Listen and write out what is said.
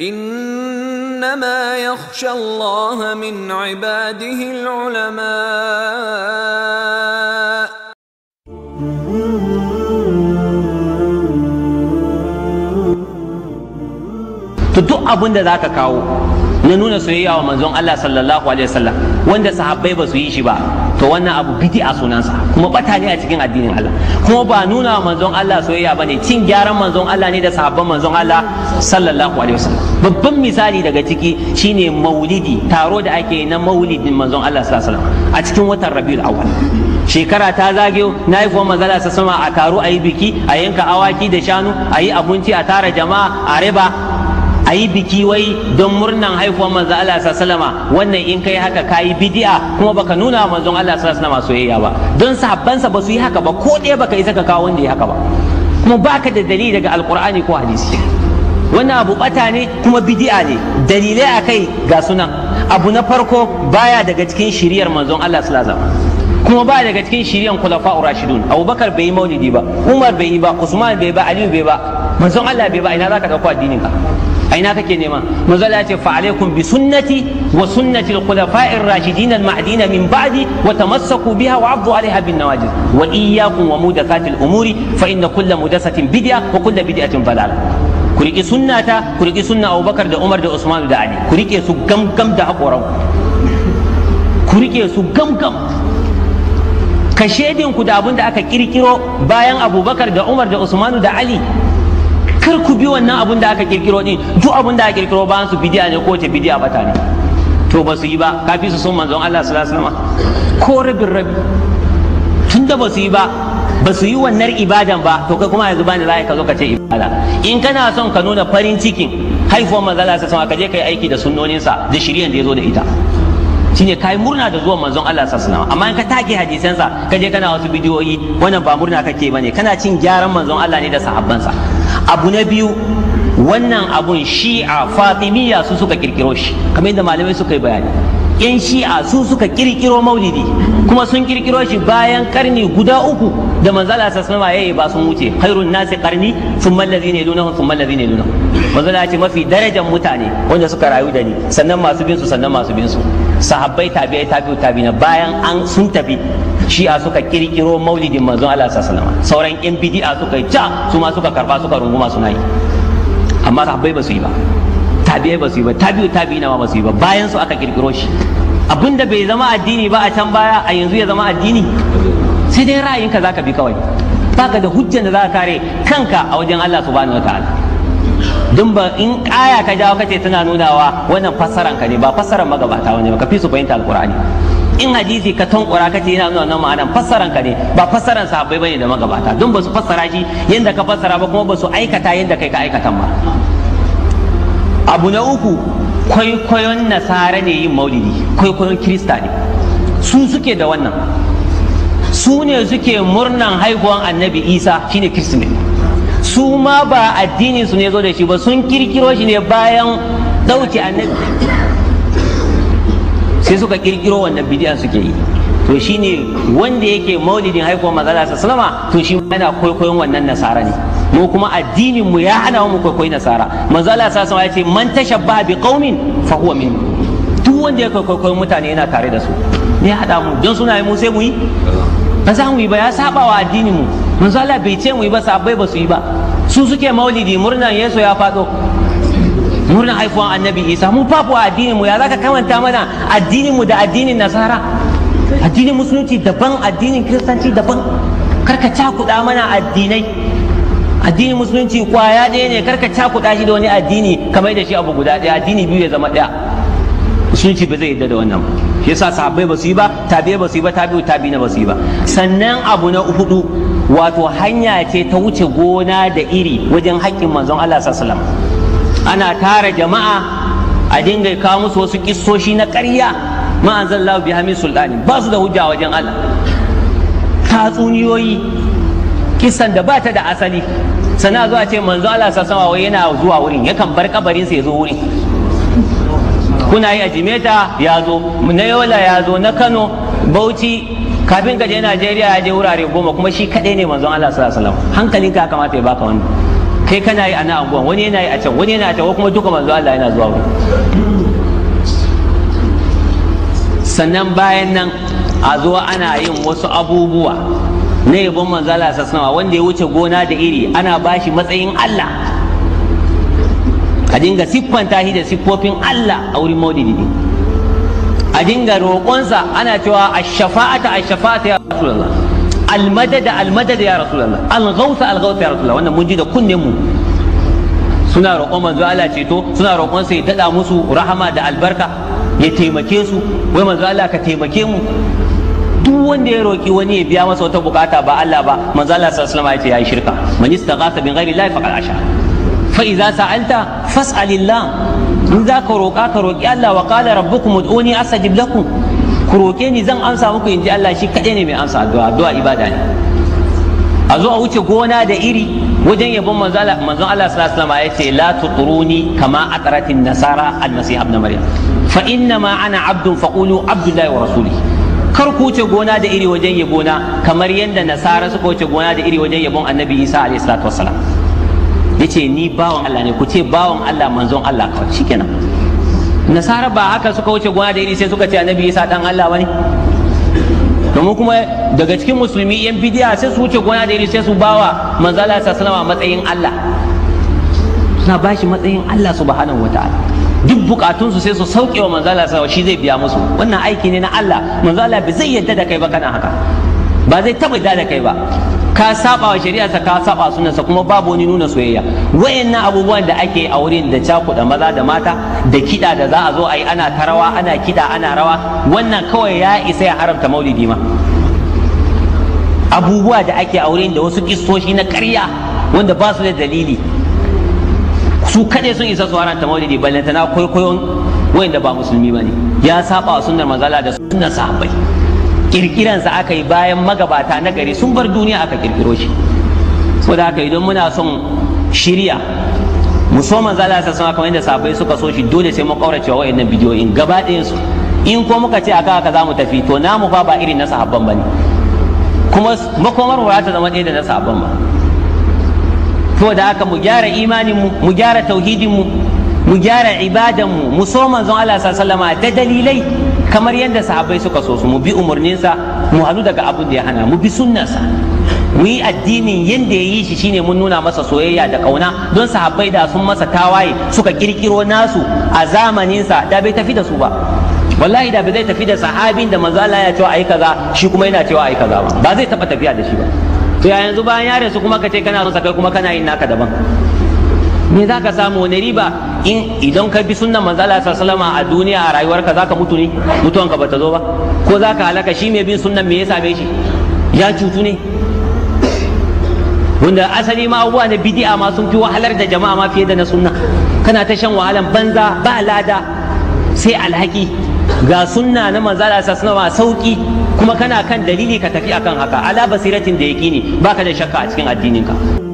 انما يخشى الله من عباده العلماء to duk abin da za ka kawo na nuna soyayya wa manzon Allah sallallahu alaihi wasallam wanda sahabbai ba su yi shi ba to wannan abu a sunansa kuma bata ne a cikin addinin Allah kuma ba nuna wa manzon Allah soyayya bane cin gyaran manzon Allah ne da sahabban manzon Allah sallallahu alaihi wasallam babban misali daga ciki shine maulidi taro da ake na maulidin manzon Allah sallallahu alaihi wasallam a cikin watan Rabiul Awwal shekara ta zage na yi kuma sama a taro a yi biki a yanka awaki da shanu a yi abinci a tara jama'a a riba a yi biki wai don murnan haifuwar manzo Allah sallama wannan in kai haka kayi bidi'a kuma baka nuna wa manzon Allah sallama soyayya ba don sahabbansa ba su yi haka ba ko ɗaya baka isa ka kawo wanda ya haka ba kuma baka da dalili daga alkur'ani ko hadisi wannan abu bata ne kuma bidi'a ne dalilai akai ga sunan abu na farko baya daga cikin shiriyar manzon Allah wasallam kuma ba daga cikin shiriyan kulafa rashidun abubakar bai yi maulidi ba umar bai yi ba usman bai ba aliyu bai ba manzon allah bai ba ina zaka ka addinin ka aina kake nema manzo ya ce fa alaikum bi sunnati wa sunnati al-khulafa'ir rashidin al-mahdin min ba'di wa tamassaku biha wa 'addu 'alayha bin nawajiz wa iyyakum wa mudathati al-umuri fa inna kulla mudathatin bid'a wa kulla bid'atin dalalah ku riƙe sunnata ku riƙi sunna Abubakar da Umar da Usman da Ali ku riƙe su gamgam da haƙoran ku riƙe su gamgam ka ku da abin da aka kirkiro bayan abubakar da umar da usmanu da ali kar ku bi wannan abun da aka kirkiro din duk abun da aka kirkiro ba su bidiya ne ko ta bidiya bata ne to ba su yi ba kafi su sun manzon Allah sallallahu alaihi wasallam ko rabin rabi tunda ba su yi ba ba su yi wannan ibadan ba to kai kuma yanzu bani za ka zo ka ce ibada in kana son ka nuna farin cikin haifuwar manzon Allah sallallahu alaihi wasallam ka je kai aiki da sunnoninsa da shirin da ya zo da ita shine kai murna da zuwan manzon Allah sallallahu alaihi wasallam amma in ka take hadisansa ka je kana wasu bidiyoyi wannan ba murna kake bane kana cin gyaran manzon Allah ne da sahabbansa abu na biyu wannan abun shi'a fatimiyya su suka kirkiro shi kamar yadda malamai suka yi bayani yan shi'a su suka kirkiro maulidi kuma sun kirkiro shi bayan karni guda uku da manzala sa ya yayi ba sun wuce khairun nasi qarni thumma allazina yalunahum thumma allazina yalunahum manzala ce mafi darajar mutane wanda suka rayu da ni sannan masu bin su sannan masu bin su sahabbai tabi'ai tabi'u tabi'ina bayan an sun tafi shi'a suka kirkiro maulidin manzon Allah sallallahu alaihi sauran yan bid'a suka yi ta su ma suka karba suka runguma suna yi amma sahabbai ba su yi ba tabi'ai ba su yi ba tabi'u tabi'ina ba su yi ba bayan su aka kirkiro shi abinda bai zama addini ba a can baya a yanzu ya zama addini sai dai ra'ayinka zaka bi kawai baka da hujjan da zaka kare kanka a wajen Allah subhanahu wataala don in kaya ka jawo kace tana nunawa wannan fassaran ka ne ba fassaran magabata wani ba ka fi su fahimta alqur'ani in hadisi ka tankura kace yana nuna wannan ma'anan fassaran ka ne ba fassaran sahabbai bane da magabata don ba su fassara shi yanda ka fassara ba kuma ba su aikata yanda kai ka aikata ba abu na uku kwaikwayon nasara ne yin maulidi kwaikwayon kirista ne su suke da wannan su ne suke murnan haihuwan annabi isa shine ne su ma ba addini su ne zo da shi ba sun kirkiro shi ne bayan dauke annabi sai suka kirkiro wannan bidiya suke yi to shine wanda yake maulidin haifuwar matsala sa salama to shi yana kwaikwayon wannan nasara ne mu kuma addinin mu ya hana mu kwaikwayi nasara manzo Sallama sa ya ce man tashabba bi qaumin fa huwa min duk wanda ya kwaikwayon mutane yana tare da su ne hada mu don suna yi mu sai mu yi ba za mu yi ba ya saba wa addinin mu manzo bai ce mu yi ba sabai ba su yi ba su suke maulidi murnan yesu ya faɗo murnan haifuwan annabi isa mu babu a addinin mu ya zaka kamanta mana addinin mu da addinin nasara addinin musulunci daban addinin kiristanci daban karka cakuɗa mana addinai addinin musulunci kwaya ɗaya ne karka cakuɗa shi da wani addini kamar da shi abu guda ɗaya addini biyu ya zama ɗaya musulunci ba zai yadda da wannan ba yasa sahabbai ba su yi ba tabi'ai ba su yi ba tabi'u tabi ba su yi ba sannan abu na hudu wato hanya ce ta wuce gona da iri wajen haƙƙin manzon Allah sallallahu ana tara jama'a a dinga kawo musu wasu kissoshi na ƙarya ma anzalallahu bi hamin sultani ba su da hujja wajen Allah tatsuniyoyi kisan da ba ta da asali sana zuwa ce manzon Allah sallallahu alaihi yana zuwa wurin yakan bar kabarin sa ya zo wurin kuna yi a jimeta ya zo na yola ya zo na kano bauchi kafin ka je Najeriya ya je wurare goma kuma shi kadai ne manzon Allah sallallahu alaihi wasallam hankalin ka kamata ya baka wani kai kana yi a nan anguwan wani yana yi a can wani yana a can kuma duka manzon Allah yana zuwa wuri sannan bayan nan a zo ana yin wasu abubuwa na yabon manzon Allah sallallahu wanda ya wuce gona da iri ana bashi matsayin Allah a dinga siffanta shi da siffofin Allah a wurin maulidi a dinga roƙonsa ana cewa a shafaata a shafaata ya rasulullah al Almadada al ya rasulullah al-ghawtha al-ghawtha ya rasulullah wannan mun ji da kunnen mu suna roƙon manzo Allah ceto suna roƙon sa ya dada musu rahama da albarka ya taimake su wai manzo Allah ka taimake mu duk wanda ya roƙi wani ya biya masa wata bukata ba Allah ba manzo Allah sallallahu alaihi wasallam ya ce yayi shirka man istaghatha bin ghairi Allah faqad asha fa idza sa'alta fas'alillah in za ka roƙa ka roƙi Allah wa qala rabbukum ud'uni astajib lakum ku roƙe ni zan amsa muku inji Allah shi kaɗai ne mai amsa addu'a addu'a ibada ne a zo a wuce gona da iri wajen yabon manzon Allah sallallahu alaihi wasallam ya ce la tuturuni kama atratin nasara almasih ibn maryam fa inna ma ana abdun faqulu abdullahi wa rasulihi kar ku wuce gona da iri wajen yabona kamar yadda nasara suka wuce gona da iri wajen yabon annabi isa alaihi salatu wasalam yace ni bawan Allah ne ku ce bawan Allah manzon Allah kawai shikenan nasara ba haka suka wuce gwana da iri sai suka ce annabi isa dan Allah wani domin kuma daga cikin musulmi yan bidiya sai su wuce gwana da iri sai su bawa manzon Allah sallallahu alaihi matsayin Allah suna bashi matsayin Allah subhanahu wataala duk bukatunsu sai su sauke wa manzo Allah shi zai biya musu wannan aiki ne na Allah manzala Allah bai zai yadda da kai ba kana haka ba zai taba da kai ba ka saba wa ta ka saba sunansa kuma babu wani nuna soyayya wayannan abubuwan da ake a wurin da cakuɗa maza da mata da kiɗa da za a zo a yi ana ta rawa ana kiɗa ana rawa wannan kawai ya isa ya haramta maulidi ma abubuwa da ake a wurin da wasu kistoshi na ƙarya wanda ba su da dalili su kaɗai sun isa su haramta maulidi ballantana kwaikwayon wayanda ba musulmi ba ne ya saba wa sunnar manzala da sunnar sahabbai kirkiransa aka yi bayan magabata na gari sun bar duniya aka kirkiro shi saboda haka idan muna son shirya musamman za a sassan kamar yadda sabai suka so shi dole sai mu kaurace wa wa'annan bidiyoyin gaba su in ko muka ce aka haka za mu tafi to namu fa ba irin na sahabban ba ne kuma makomar ba ta zama ɗaya da na sahabban ba to da haka mu gyara imanin mu gyara tauhidin mu gyara ibadan mu so zan Allah sallallahu alaihi wasallam dalilai kamar yadda sahabbai suka so su mu bi umarninsa mu halu daga abin da ya hana mu bi sunnansa mu yi addinin yadda ya yi shi shine mun nuna masa soyayya da kauna don sahabbai da sun masa tawaye suka kirkiro nasu a zamaninsa da bai tafi da su ba wallahi da ba zai tafi da sahabin da manzo Allah ya cewa ai kaza shi kuma yana cewa ai kaza ba ba zai taba tafiya da shi ba to yanzu bayan yare su kuma ka ce kana son sa kuma kana yin naka daban me za ka samu wani riba in idan ka bi sunnan manzala a duniya a rayuwarka za ka mutu ne mutuwanka bata zo ba ko za ka halaka shi mai bin sunnan me ya same shi ya cutu ne wanda asali ma abubuwa na bidi'a ma sun fi wahalar da jama'a ma fiye da na sunna kana ta shan wahalan banza ba lada sai alhaki ga sunna na manzala sallama sauki kuma kana kan dalili ka tafi akan haka ala basiratin da ne baka da shakka a cikin addinin ka